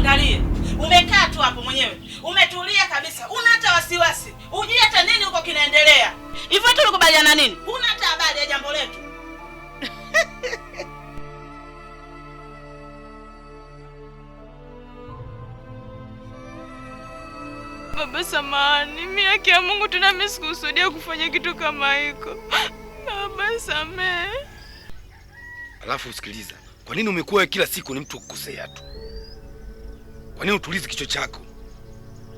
niangalie. Umekaa tu hapo mwenyewe, umetulia kabisa, una hata wasiwasi, hujui hata nini huko kinaendelea. Hivyo tulikubaliana nini? Una hata habari ya jambo letu? Baba samani, mimi haki ya Mungu tena mimi sikusudia kufanya kitu kama hiko. Baba samehe. Alafu usikiliza, kwa nini umekuwa kila siku ni mtu kukosea tu? Kwa nini utulizi kichwa chako?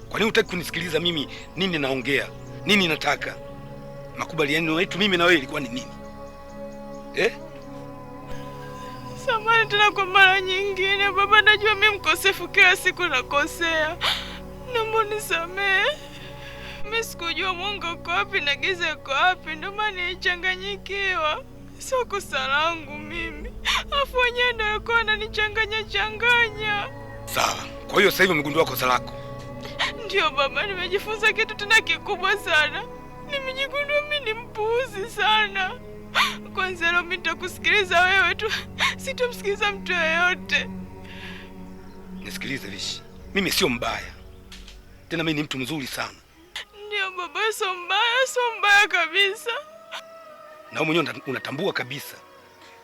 Kwa nini utaki kunisikiliza mimi nini naongea? Nini nataka? Makubaliano yetu mimi na wewe ilikuwa ni nini? Eh? Samahani tena kwa mara nyingine baba, najua mimi mkosefu, kila siku nakosea. Naomba unisamehe. Mimi sikujua mwanga uko wapi na giza uko wapi, ndio maana nilichanganyikiwa. Sio kosa langu mimi, afu wenyewe ndio walikuwa wananichanganya changanya. Sawa. Kwa hiyo sasa hivi umegundua kosa lako? Ndiyo baba, nimejifunza kitu tena kikubwa sana. Nimejigundua mimi ni mpuuzi sana. Kwanza leo mimi nitakusikiliza wewe tu, sitomsikiliza mtu yeyote. Nisikilize vishi mimi sio mbaya tena, mimi ni mtu mzuri sana. Ndiyo baba, sio mbaya, sio mbaya kabisa. Na wewe mwenyewe unatambua kabisa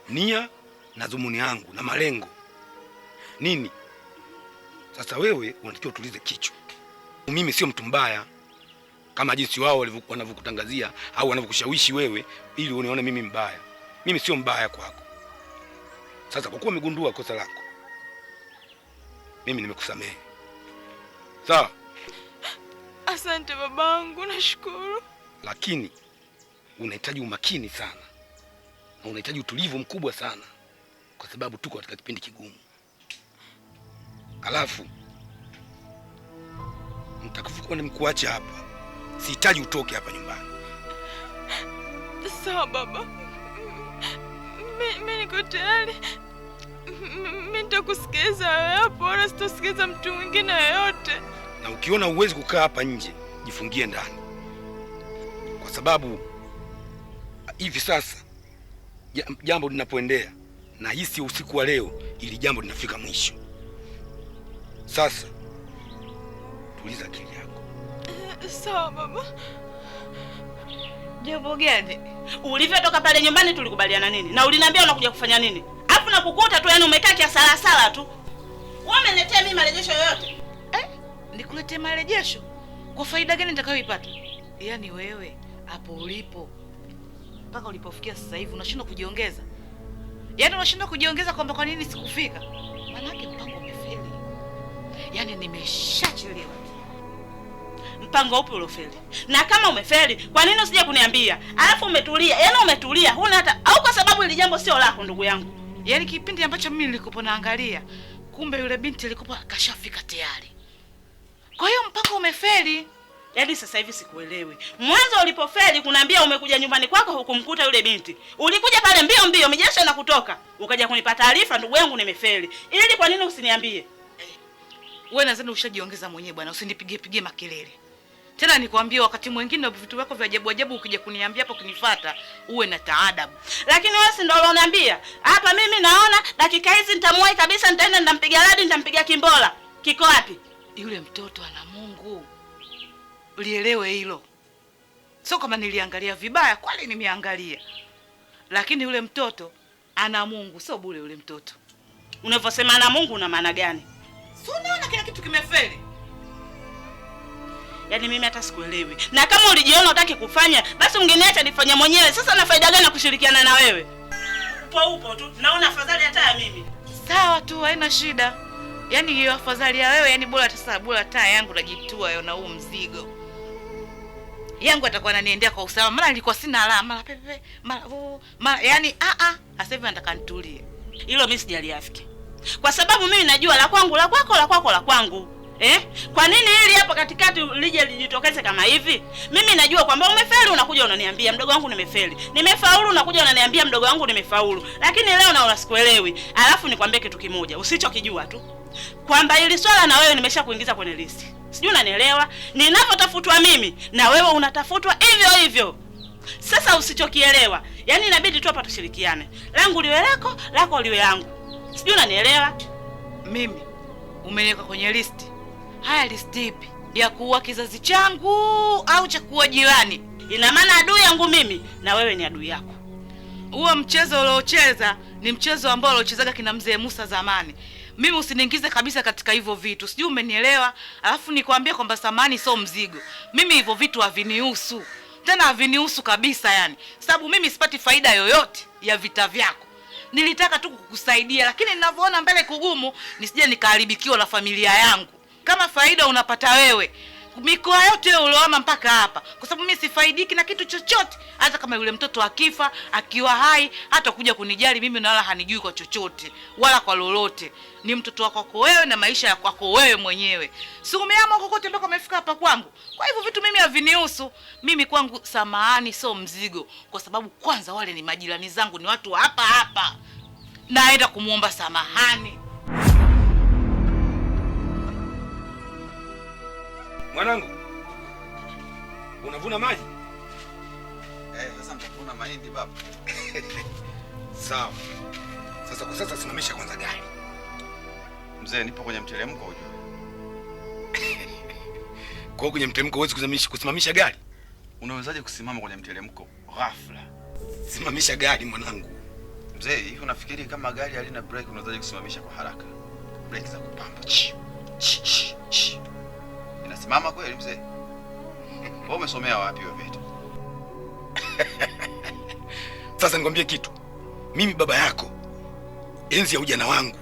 nia na dhumuni yangu na malengo nini sasa wewe unatakiwa utulize kichwa. Mimi sio mtu mbaya kama jinsi wao wanavyokutangazia au wanavyokushawishi wewe ili unione mimi mbaya. Mimi sio mbaya kwako. Sasa kwa kuwa umegundua kosa lako, mimi nimekusamehe. Sawa? Asante babangu, nashukuru. Lakini unahitaji umakini sana na unahitaji utulivu mkubwa sana, kwa sababu tuko katika kipindi kigumu alafu ni nimkuache hapa. Sihitaji utoke hapa nyumbani. Sawa baba, mi niko tayari. Mimi nitakusikiliza wewe hapo, wala sitasikiliza mtu mwingine yoyote. Na ukiona uwezi kukaa hapa nje, jifungie ndani, kwa sababu hivi sasa jambo linapoendea, na hisi usiku wa leo, ili jambo linafika mwisho. Sasa tuliza akili yako. Sawa mama. Jambo gani? Ulivyotoka pale nyumbani tulikubaliana nini? Na uliniambia unakuja kufanya nini? Alafu nakukuta tu yani umekaa kia sala tu. Wewe umeniletea mimi marejesho yoyote? Eh? Nikuletee marejesho? Kwa faida gani nitakayoipata? Yaani wewe hapo ulipo mpaka ulipofikia sasa hivi unashindwa kujiongeza. Yaani unashindwa kujiongeza kwamba kwa nini sikufika? Maana yake mpango Yaani nimeshachelewa. Mpango upi uliofeli? Na kama umefeli, kwa nini usije kuniambia? Alafu umetulia, yaani umetulia, huna hata au, kwa sababu ili jambo sio lako, ndugu yangu. Yaani kipindi ambacho mimi nilikupo naangalia, kumbe yule binti alikupo akashafika tayari. Kwa hiyo mpango umefeli. Yaani sasa hivi sikuelewi. Mwanzo ulipofeli kunaambia umekuja nyumbani kwako hukumkuta yule binti. Ulikuja pale mbio mbio, mijesha na kutoka. Ukaja kunipa taarifa, ndugu yangu, nimefeli. Ili kwa nini usiniambie? Wewe nadhani ushajiongeza mwenyewe bwana, usinipigie pigie makelele. Tena nikwambie wakati mwingine vitu vyako vya ajabu ajabu ukija kuniambia hapo kunifuata, uwe na taadabu. Lakini wewe si ndio unaniambia? Hapa mimi naona dakika hizi nitamwai kabisa nitaenda nitampiga radi nitampiga kimbola. Kiko wapi? Yule mtoto ana Mungu. Ulielewe hilo. Sio kama niliangalia vibaya, kwani nimeangalia. Lakini yule mtoto ana Mungu, sio bure yule mtoto. Unavyosema ana Mungu una maana gani? Si unaona kila kitu kimefeli? Yaani mimi hata sikuelewi. Na kama ulijiona utaki kufanya, basi ungeniacha nifanye mwenyewe. Sasa na faida gani ya kushirikiana na wewe? Upo upo tu. Naona afadhali hata ya mimi. Sawa tu, haina shida. Yaani hiyo afadhali ya wewe, yaani bora sababu bora taa yangu najitua yona huu mzigo. Yangu atakuwa ananiendea kwa usalama. Mara nilikuwa sina raha, mara pepe, mara oh, mara yaani a ah, a, ah. sasa hivi nataka nitulie. Hilo mimi sijaliafiki kwa sababu mimi najua la kwangu la kwako, la kwako la kwangu. Eh? Kwa nini hili hapa katikati lije lijitokeze kama hivi? Mimi najua kwamba umefeli unakuja unaniambia mdogo wangu nimefeli. Nimefaulu unakuja unaniambia mdogo wangu nimefaulu. Lakini leo naona sikuelewi. Alafu nikwambie kitu kimoja, usichokijua tu. Kwamba hili swala na wewe nimesha kuingiza kwenye listi. Sijui unanielewa? Ninavyotafutwa mimi na wewe unatafutwa hivyo hivyo. Sasa usichokielewa. Yaani inabidi tu hapa tushirikiane. Langu liwe lako, lako liwe langu sijui unanielewa. Mimi umeniweka kwenye listi. Haya, listi ipi? Ya kuua kizazi changu au cha kuua jirani? Ina maana adui yangu mimi na wewe ni adui yako. Huo mchezo uliocheza ni mchezo ambao aliochezaga kina mzee Musa zamani. Mimi usiniingize kabisa katika hivyo vitu, sijui umenielewa. Alafu nikwambie kwamba samani sio mzigo. Mimi hivyo vitu havinihusu tena, havinihusu kabisa, yani sababu mimi sipati faida yoyote ya vita vyako nilitaka tu kukusaidia, lakini ninavyoona mbele kugumu, nisije nikaharibikiwa na familia yangu. Kama faida unapata wewe mikoa yote uliohama mpaka hapa, kwa sababu mimi sifaidiki na kitu chochote. Hata kama yule mtoto akifa, akiwa hai, hata kuja kunijali mimi na wala hanijui kwa chochote wala kwa lolote. Ni mtoto wako kwako wewe na maisha ya kwako wewe mwenyewe. Siumeama kokote mpaka umefika hapa kwangu. Kwa hivyo vitu mimi havinihusu. Mimi kwangu samahani sio mzigo, kwa sababu kwanza wale ni majirani zangu, ni watu wa hapa hapa, naenda kumwomba samahani. Mwanangu, unavuna maji? Eh, sasa mtavuna mahindi baba. Sawa. Sasa kwa sasa simamisha kwanza gari. Mzee, nipo kwenye mteremko ujue. Kwa kwenye mteremko huwezi kusimamisha kusimamisha gari? Unawezaje kusimama kwenye mteremko ghafla? Simamisha gari mwanangu. Mzee, hivi unafikiri kama gari halina brake unawezaje kusimamisha kwa haraka? Brake za kupamba. Chi, chi, chi. Inasimama kweli mzee? Wewe umesomea wapi wewe vitu? Sasa nikwambie kitu, mimi baba yako, enzi ya ujana wangu,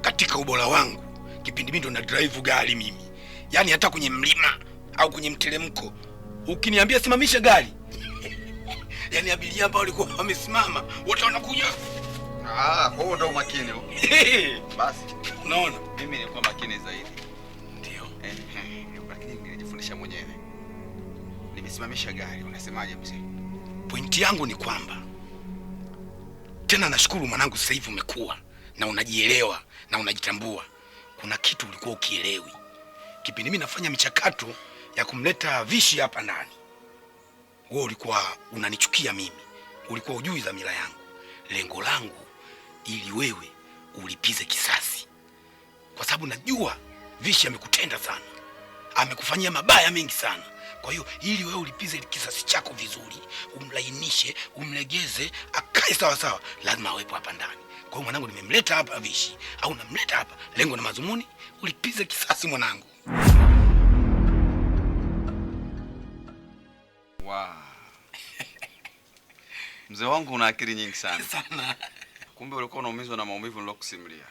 katika ubora wangu, kipindi mimi ndo na drive gari mimi, yaani hata kwenye mlima au kwenye mteremko ukiniambia simamisha gari yaani abiria ambao walikuwa wamesimama wote wanakuja. Ah, kwa hiyo ndo makini. Basi unaona, mimi nilikuwa makini zaidi. Nimejiendesha mwenyewe, nimesimamisha gari. Unasemaje mzee? Pointi yangu ni kwamba tena, nashukuru mwanangu, sasa hivi umekuwa na unajielewa na unajitambua. Kuna kitu ulikuwa ukielewi kipindi mimi nafanya michakato ya kumleta Vishi hapa ndani. Wewe ulikuwa unanichukia mimi, ulikuwa ujui dhamira yangu. Lengo langu ili wewe ulipize kisasi, kwa sababu najua Vishi amekutenda sana amekufanyia mabaya mengi sana. Kwa hiyo ili wewe ulipize kisasi chako vizuri, umlainishe, umlegeze, akae sawa sawa, lazima awepo hapa ndani. Kwa hiyo mwanangu, nimemleta hapa vishi au namleta hapa, lengo na madhumuni ulipize kisasi mwanangu. Wow. Mzee wangu una akili nyingi sana sana. Kumbe ulikuwa unaumizwa na maumivu nilokusimulia.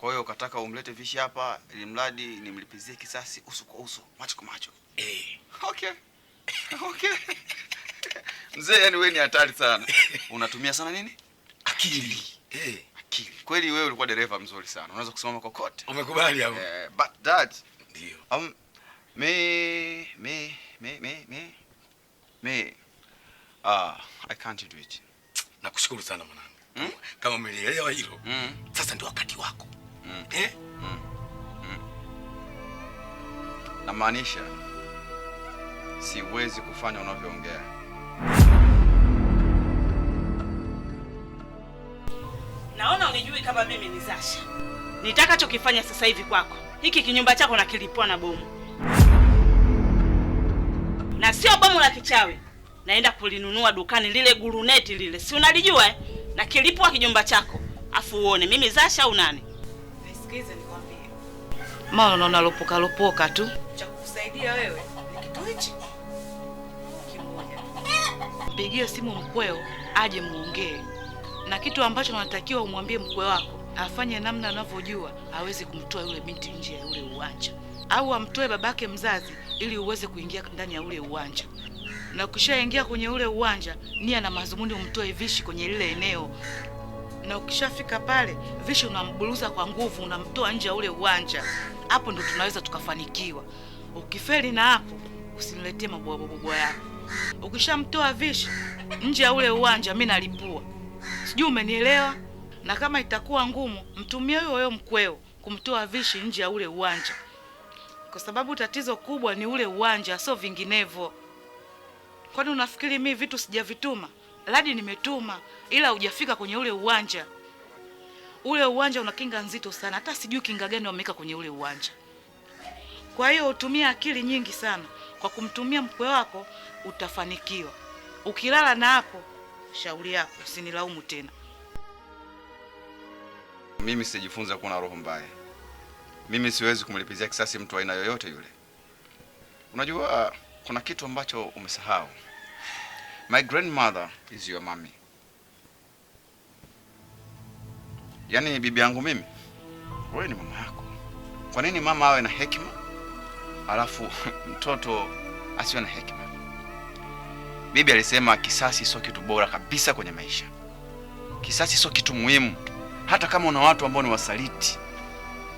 Kwa hiyo ukataka umlete Vishi hapa ili mradi nimlipizie kisasi uso kwa uso, macho kwa macho. Eh. Okay. Okay. Mzee, yani wewe ni hatari sana. Unatumia sana nini? Akili. Eh. Akili. Kweli wewe ulikuwa dereva mzuri sana. Unaweza kusimama kokote. Umekubali hapo? Eh, but dad. ndio. Um, me me me me me me ah, I can't do it. Nakushukuru sana mwanangu. Hmm? Kama umelielewa hilo. Mm. Sasa ndio wakati wako mm. Eh? Mm. Mm. Namaanisha siwezi kufanya unavyoongea. Naona unijui kama mimi ni Zasha. Nitakachokifanya sasa hivi kwako, hiki kinyumba chako nakilipua na bomu, na sio bomu la kichawi. Naenda kulinunua dukani lile guruneti lile, si unalijua eh? Nakilipua kinyumba chako afu uone mimi Zasha au nani. Nisikilize nikwambie. Mama unaona lopoka lopoka tu. Cha kukusaidia wewe ni kitu hichi. Kimoja. Mpigie simu mkweo aje muongee. Na kitu ambacho unatakiwa umwambie mkwe wako afanye namna anavyojua aweze kumtoa yule binti nje ya ule uwanja au amtoe babake mzazi ili uweze kuingia ndani ya ule uwanja. Na ukishaingia kwenye ule uwanja, nia na mazumuni umtoe vishi kwenye lile eneo na ukishafika pale vishi unamburuza kwa nguvu, unamtoa nje ya ule uwanja. Hapo ndo tunaweza tukafanikiwa. Ukifeli na hapo usiniletee mabwabwabwa yako. Ukishamtoa vishi nje ya ule uwanja, mi nalipua. Sijui umenielewa? Na kama itakuwa ngumu, mtumie huyo huyo mkweo kumtoa vishi nje ya ule uwanja, kwa sababu tatizo kubwa ni ule uwanja, sio vinginevyo. Kwani unafikiri mi vitu sijavituma? Ladi nimetuma ila hujafika kwenye ule uwanja. Ule uwanja una kinga nzito sana, hata sijui kinga gani wameweka kwenye ule uwanja. Kwa hiyo utumie akili nyingi sana, kwa kumtumia mkwe wako utafanikiwa. Ukilala na hapo, shauri yako, usinilaumu tena. Mimi sijifunza kuwa na roho mbaya. Mimi siwezi kumlipizia kisasi mtu aina yoyote yule. Unajua kuna kitu ambacho umesahau. My grandmother is your mommy. Yaani bibi yangu mimi, wewe ni mama yako. Kwa nini mama awe na hekima alafu mtoto asiwe na hekima? Bibi alisema kisasi sio kitu bora kabisa kwenye maisha. Kisasi sio kitu muhimu, hata kama una watu ambao ni wasaliti,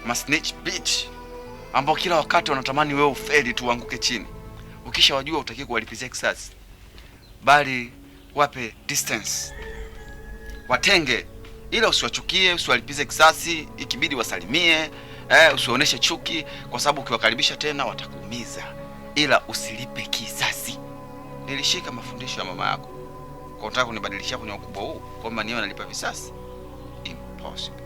masnitch bitch, ambao kila wakati wanatamani wewe ufeli tu uanguke chini. Ukishawajua utakiwa kuwalipizia kisasi bali wape distance, watenge, ila usiwachukie, usiwalipize kisasi, ikibidi wasalimie eh, usiwaoneshe chuki, kwa sababu ukiwakaribisha tena watakuumiza, ila usilipe kisasi. Nilishika mafundisho ya mama yako, kwa unataka kunibadilishia kwenye ukubwa huu kwamba niwe nalipa visasi? Impossible.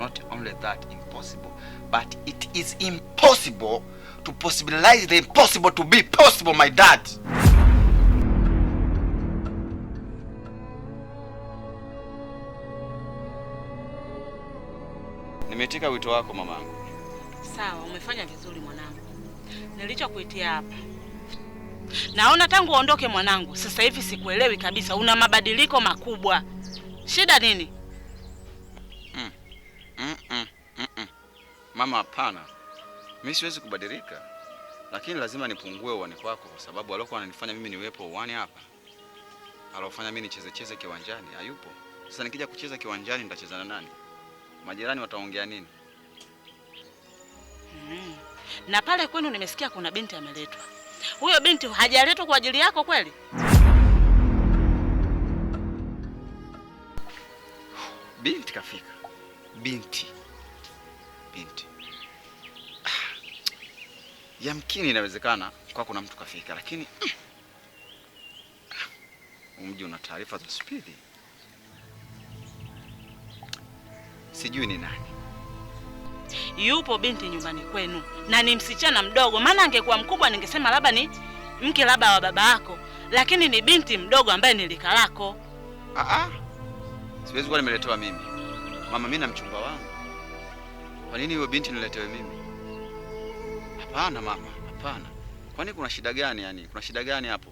Not only that impossible but it is impossible to possibilize the impossible to be possible my dad. katika wito wako mamangu. Sawa, umefanya vizuri mwanangu. Nilichokuitia hapa, naona tangu uondoke mwanangu, sasa hivi sikuelewi kabisa, una mabadiliko makubwa. Shida nini? mm. Mm -mm. Mm -mm. Mama, hapana, mi siwezi kubadilika, lakini lazima nipungue uwani kwako, kwa sababu aliokuwa ananifanya mimi niwepo uwani hapa, alofanya mimi nichezecheze kiwanjani hayupo. Sasa nikija kucheza kiwanjani nitacheza na nani? majirani wataongea nini? Hmm. Na pale kwenu nimesikia kuna binti ameletwa. Huyo binti hajaletwa kwa ajili yako kweli? Binti kafika. Binti. Binti. Ah. Yamkini inawezekana kwa kuna mtu kafika, lakini mm, ah, mji una taarifa za spidi. sijui ni nani. Yupo binti nyumbani kwenu na ni msichana mdogo, maana angekuwa mkubwa ningesema labda ni mke labda wa baba yako, lakini ni binti mdogo ambaye ni lako. Ah, ah. siwezi kuwa nimeletewa mimi mama, mimi na mchumba wangu. Kwa nini hiyo binti niletewe mimi? Hapana mama, hapana. Kwani kuna shida gani? Yani kuna shida gani hapo?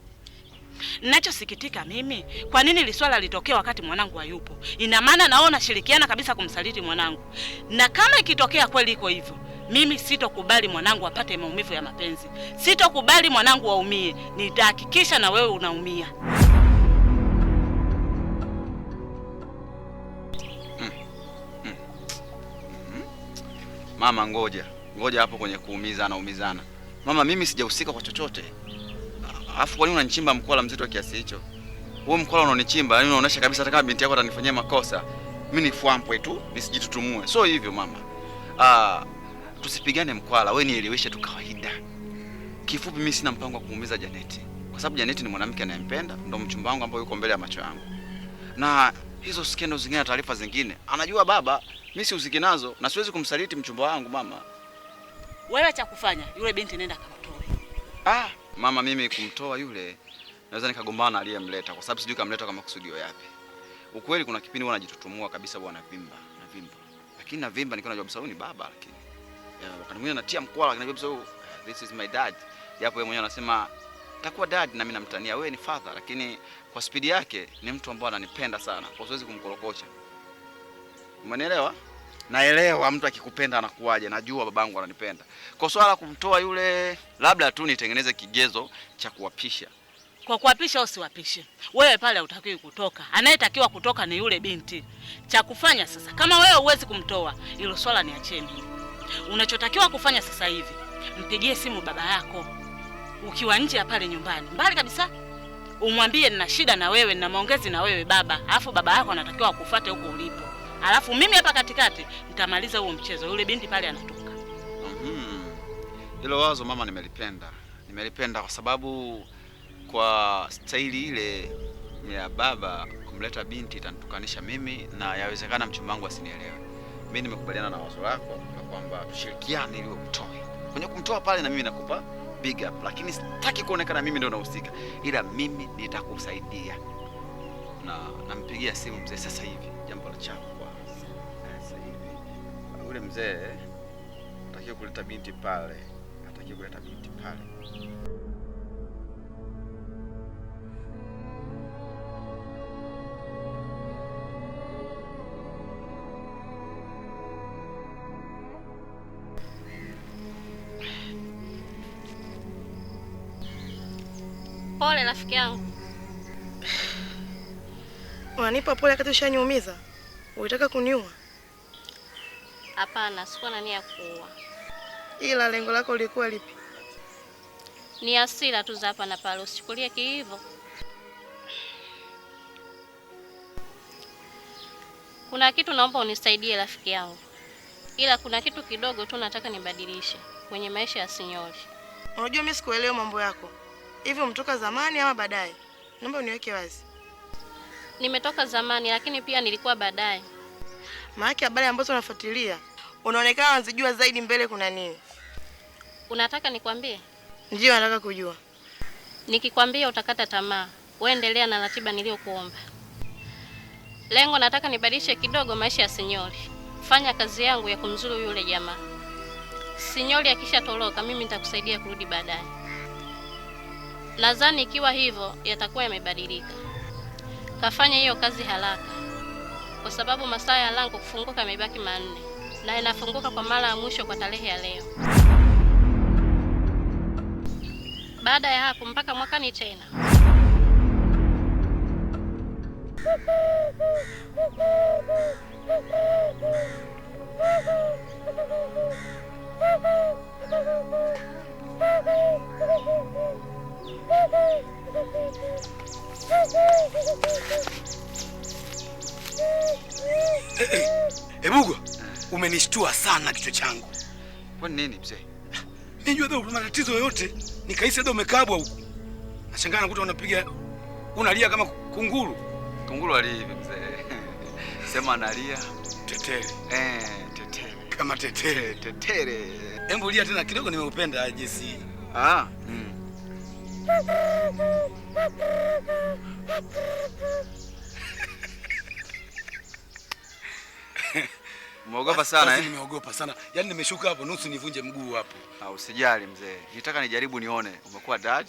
Ninachosikitika mimi, kwa nini ili swala litokee wakati mwanangu hayupo? Ina maana naona nashirikiana kabisa kumsaliti mwanangu, na kama ikitokea kweli iko hivyo, mimi sitokubali mwanangu apate maumivu ya mapenzi, sitokubali mwanangu aumie. Nitahakikisha na wewe unaumia. Mm. Mm. Mm-hmm. Mama, ngoja ngoja hapo kwenye kuumiza, anaumizana mama, mimi sijahusika kwa chochote. Afu kwa nini unanichimba mkola mzito kiasi hicho? Wewe mkola unaonichimba, yani unaonesha kabisa hata kama binti yako atanifanyia makosa, mimi ni fuampwe tu, nisijitutumue. So hivyo mama. Ah, tusipigane mkwala, wewe nieleweshe tu kawaida. Kifupi mimi sina mpango wa kumuumiza Janeti. Kwa sababu Janeti ni mwanamke anayempenda, ndo mchumba wangu ambaye yuko mbele ya macho yangu. Na hizo skendo zingine na taarifa zingine, anajua baba, mimi si usiki nazo na siwezi kumsaliti mchumba wangu mama. Wewe cha kufanya, yule binti nenda kamtoe. Ah, Mama, mimi kumtoa yule naweza nikagombana aliyemleta, kwa sababu sijui kamleta kwa kusudio yapi. Ukweli kuna kipindi huwa najitutumua kabisa, huwa navimba na vimba, lakini na vimba nikiwa najua msauni baba, lakini wakati mwingine natia mkwala, lakini najua Busau this is my dad, japo yeye mwenyewe anasema takuwa dad na mimi namtania wewe ni father, lakini kwa spidi yake ni mtu ambaye ananipenda sana, kwa siwezi kumkorokocha. Umeelewa? naelewa mtu akikupenda anakuwaje, najua babangu ananipenda. Kwa swala kumtoa yule, labda tu nitengeneze kigezo cha kuwapisha. Kwa kuwapisha au siwapishe, wewe, pale hutakiwi kutoka. Anayetakiwa kutoka ni yule binti. Cha kufanya sasa, kama wewe huwezi kumtoa, hilo swala ni acheni. Unachotakiwa kufanya sasa hivi, mpigie simu baba yako ukiwa nje ya pale nyumbani, mbali kabisa, umwambie nina shida na wewe, nina maongezi na wewe baba. Alafu baba yako anatakiwa akufuate huko ulipo alafu mimi hapa katikati nitamaliza huo mchezo, yule binti pale anatoka. Mhm. Hilo mm -hmm. wazo mama, nimelipenda, nimelipenda kwa sababu kwa staili ile ya baba kumleta binti itanitukanisha mimi na yawezekana mchumba wangu asinielewe. Mimi nimekubaliana na wazo lako na kwamba tushirikiane ili umtoe kwenye kumtoa pale, na mimi nakupa big up, lakini sitaki kuonekana mimi ndio nahusika, ila mimi nitakusaidia na nampigia simu mzee sasa hivi, jambo la chama mzee, natakiwa kuleta binti pale, natakiwa kuleta binti pale. Pole rafiki yangu. Unanipa pole wakati ushaniumiza? Unataka kuniua? Hapana, sikuwa na nia ya kuua. Ila lengo lako lilikuwa lipi? Ni hasira tu za hapa na pale, usichukulie kiivo. Kuna kitu naomba unisaidie rafiki yangu, ila kuna kitu kidogo tu nataka nibadilishe kwenye maisha ya Sinyori. Unajua mimi sikuelewa mambo yako hivyo, umetoka zamani ama baadaye? Naomba uniweke wazi. Nimetoka zamani, lakini pia nilikuwa baadaye, maana habari ambazo nafuatilia unaonekana unazijua zaidi. Mbele kuna nini? Unataka nikwambie? Ndio, nataka kujua. Nikikwambia utakata tamaa. Wewe endelea na ratiba niliyokuomba. Lengo nataka nibadilishe kidogo maisha ya Sinyori. Fanya kazi yangu ya kumzuru yule jamaa. Sinyori akishatoroka, mimi nitakusaidia kurudi baadaye. Nadhani ikiwa hivyo yatakuwa yamebadilika. Kafanya hiyo kazi haraka, kwa sababu masaa ya lango kufunguka yamebaki manne na inafunguka kwa mara ya mwisho kwa tarehe ya leo. Baada ya hapo mpaka mwakani tena. Ebugwa, hey, hey, umenishtua sana kichwa changu. Kwa nini mzee? Nijua dho una matatizo yoyote, nikahisi dho umekabwa huko. Nashangaa nakuta unapiga unalia kama kunguru. Kunguru alivyo mzee. Sema analia tetere. Eh, tetere. Kama tetere, tetere. Hebu lia tena kidogo, nimeupenda jinsi. Ah. Mm. Umeogopa sana eh? Nimeogopa sana. Yaani nimeshuka hapo nusu nivunje mguu hapo. Ah, usijali mzee. Nitaka nijaribu nione. Umekuwa dad.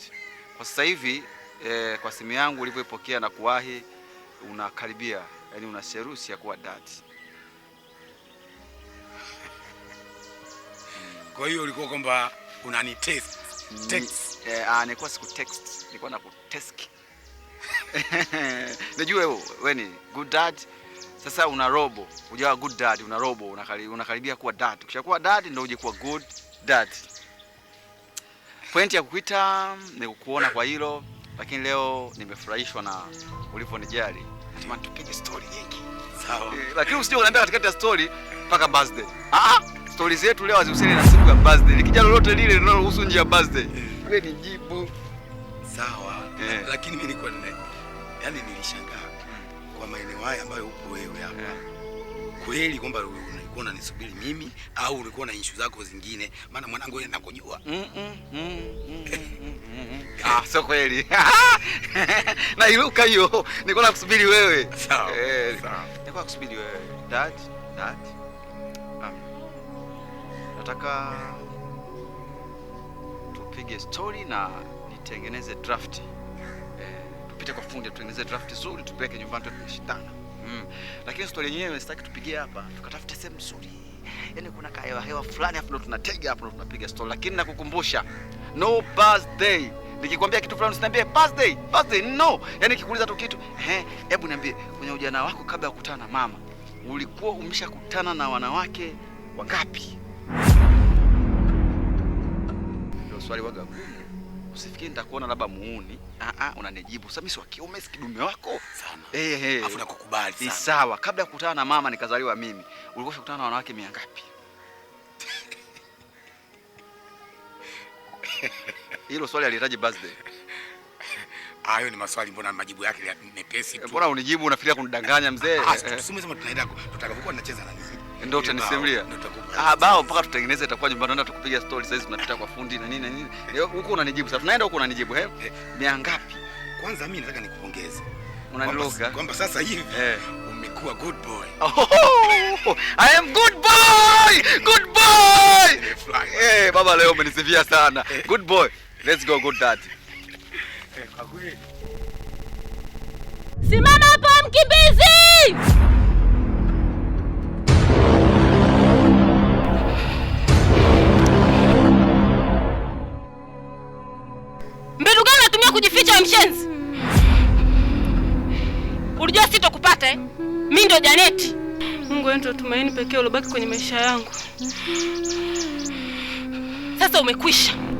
Kwa sasa hivi eh, kwa simu yangu ulivyoipokea na kuwahi unakaribia, yaani una serusi ya kuwa dad. Kwa hiyo ulikuwa kwamba unani test. Text. Eh, ah, nilikuwa siku text. Nilikuwa na kutesk. Najua wewe ni good dad. Sasa una robo, hujawa good dad, una robo, unakaribia kuwa dad. Ukishakuwa dad ndio uje kuwa good dad. Point ya kukuita ni kukuona kwa hilo, lakini leo nimefurahishwa na ulivyonijali. Hatimaye tupige story nyingi. Sawa. Eh, lakini usije kuniambia katikati ya story mpaka birthday. Ah ah, story zetu leo hazihusiani na siku ya birthday. Likija lolote lile linalohusu njia ya birthday. Wewe ni jibu. Sawa. Lakini mimi niko nina. Yaani nilishangaa maeneo haya ambayo upo wewe hapa, kweli kwamba ulikuwa unanisubiri mimi au ulikuwa na issue zako zingine? Maana mwanangu yeye nakujua. mm -mm, mm -mm. mm -mm. mm, mm. Ah, sio kweli na iluka hiyo, nilikuwa nakusubiri wewe. Sawa eh, nilikuwa nakusubiri wewe dad, dad. Um, nataka tupige story na nitengeneze drafti tuache kwa fundi tutengeneze draft nzuri tupeleke nyumbani tu kushindana. Mm. Lakini story yenyewe sitaki tupigie hapa, tukatafute sehemu nzuri. Yaani kuna ka hewa hewa fulani hapo ndo tunatega hapo ndo tunapiga story. Lakini nakukumbusha no birthday. Nikikwambia kitu fulani usiniambie birthday, birthday no. Yaani nikikuuliza tu kitu, eh, hebu niambie kwenye ujana wako kabla ya kukutana na mama, ulikuwa umeshakutana na wanawake wangapi? Ndio swali waga. Usifikiri nitakuona labda muuni. Ah ah, unanijibu. Sasa mimi si wa kiume, si kidume wako. Sana. Eh eh. Afu nakukubali sana. Ni sawa. Kabla ya kukutana na mama nikazaliwa mimi. Ulikuwa ukutana na wanawake mia ngapi? Hilo swali alihitaji birthday. Hayo ni maswali, mbona majibu yake ya mepesi tu. Mbona unijibu unafikiria kunidanganya mzee? Ah, tusimwe sema tunaenda tutakapokuwa tunacheza na nini? Ndio utanisimulia. Ndio Ah, bao mpaka tutengeneze itakuwa nyumba tunaenda tukupiga story sasa tunapita kwa fundi na nini na nini. Eh, huko unanijibu sasa tunaenda huko unanijibu he, eh? eh. Mia ngapi? Kwanza mimi nataka nikupongeze. Unaniloga. Kwamba sasa hivi umekuwa good boy. Oh, I am good boy. Good boy. Eh, hey, baba leo umenisifia sana. Good boy. Let's go good dad. Simama hapo mkimbizi! Ulikujua sitokupata eh? Mimi ndo Janeti. Mungu wewe tumaini pekee ulobaki kwenye maisha yangu. Sasa umekwisha.